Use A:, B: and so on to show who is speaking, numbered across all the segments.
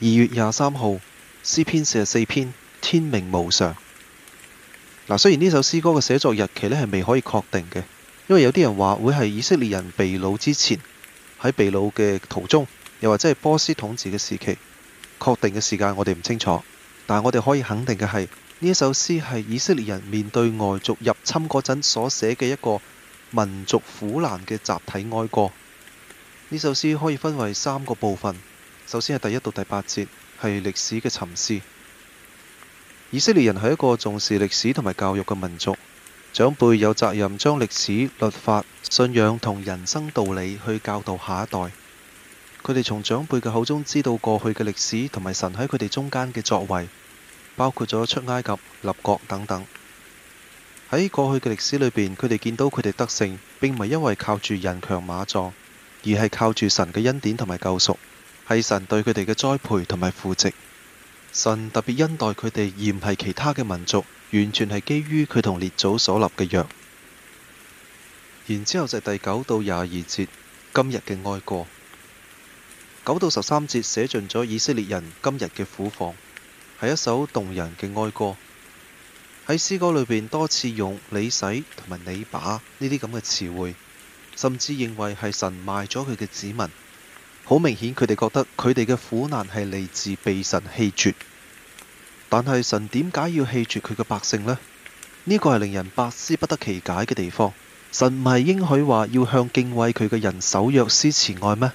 A: 二月廿三號，詩篇四十四篇《天命無常》。嗱，雖然呢首詩歌嘅寫作日期呢係未可以確定嘅，因為有啲人話會係以色列人被擄之前，喺被擄嘅途中，又或者係波斯統治嘅時期，確定嘅時間我哋唔清楚。但係我哋可以肯定嘅係，呢一首詩係以色列人面對外族入侵嗰陣所寫嘅一個民族苦難嘅集體哀歌。呢首詩可以分為三個部分。首先係第一到第八節，係歷史嘅沉思。以色列人係一個重視歷史同埋教育嘅民族，長輩有責任將歷史、律法、信仰同人生道理去教導下一代。佢哋從長輩嘅口中知道過去嘅歷史同埋神喺佢哋中間嘅作為，包括咗出埃及、立國等等。喺過去嘅歷史裏邊，佢哋見到佢哋得勝，並唔係因為靠住人強馬壯，而係靠住神嘅恩典同埋救贖。係神對佢哋嘅栽培同埋扶植，神特別恩待佢哋，而唔係其他嘅民族，完全係基於佢同列祖所立嘅約。然之後就第九到廿二節，今日嘅哀歌，九到十三節寫盡咗以色列人今日嘅苦況，係一首動人嘅哀歌。喺詩歌裏邊多次用你使同埋你把呢啲咁嘅詞彙，甚至認為係神賣咗佢嘅子民。好明顯，佢哋覺得佢哋嘅苦難係嚟自被神棄絕。但係神點解要棄絕佢嘅百姓呢？呢個係令人百思不得其解嘅地方。神唔係應許話要向敬畏佢嘅人守約施慈愛咩？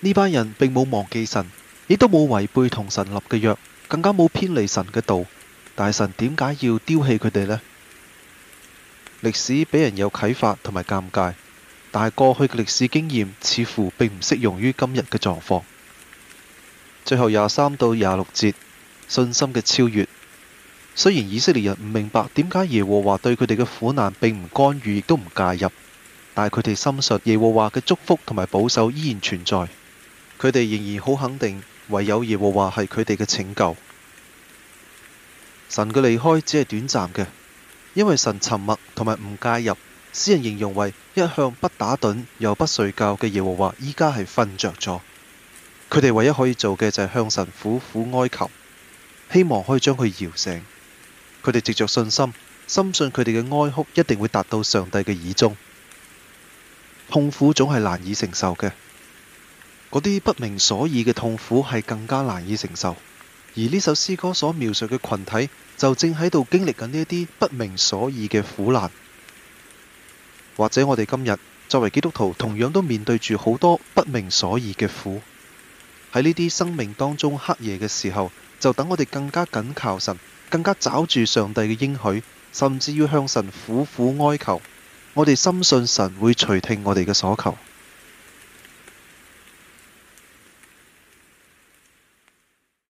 A: 呢班人並冇忘記神，亦都冇違背同神立嘅約，更加冇偏離神嘅道。但係神點解要丟棄佢哋呢？歷史俾人有啟發同埋鑒戒。但係過去嘅歷史經驗似乎並唔適用於今日嘅狀況。最後廿三到廿六節，信心嘅超越。雖然以色列人唔明白點解耶和華對佢哋嘅苦難並唔干預，亦都唔介入，但係佢哋深信耶和華嘅祝福同埋保守依然存在。佢哋仍然好肯定，唯有耶和華係佢哋嘅拯救。神嘅離開只係短暫嘅，因為神沉默同埋唔介入。詩人形容為一向不打盹又不睡覺嘅耶和華，依家係瞓着咗。佢哋唯一可以做嘅就係向神苦苦哀求，希望可以將佢搖醒。佢哋藉着信心，深信佢哋嘅哀哭一定會達到上帝嘅耳中。痛苦總係難以承受嘅，嗰啲不明所以嘅痛苦係更加難以承受。而呢首詩歌所描述嘅群體，就正喺度經歷緊呢一啲不明所以嘅苦難。或者我哋今日作為基督徒，同樣都面對住好多不明所以嘅苦。喺呢啲生命當中黑夜嘅時候，就等我哋更加緊靠神，更加抓住上帝嘅應許，甚至要向神苦苦哀求。我哋深信神會垂聽我哋嘅所求。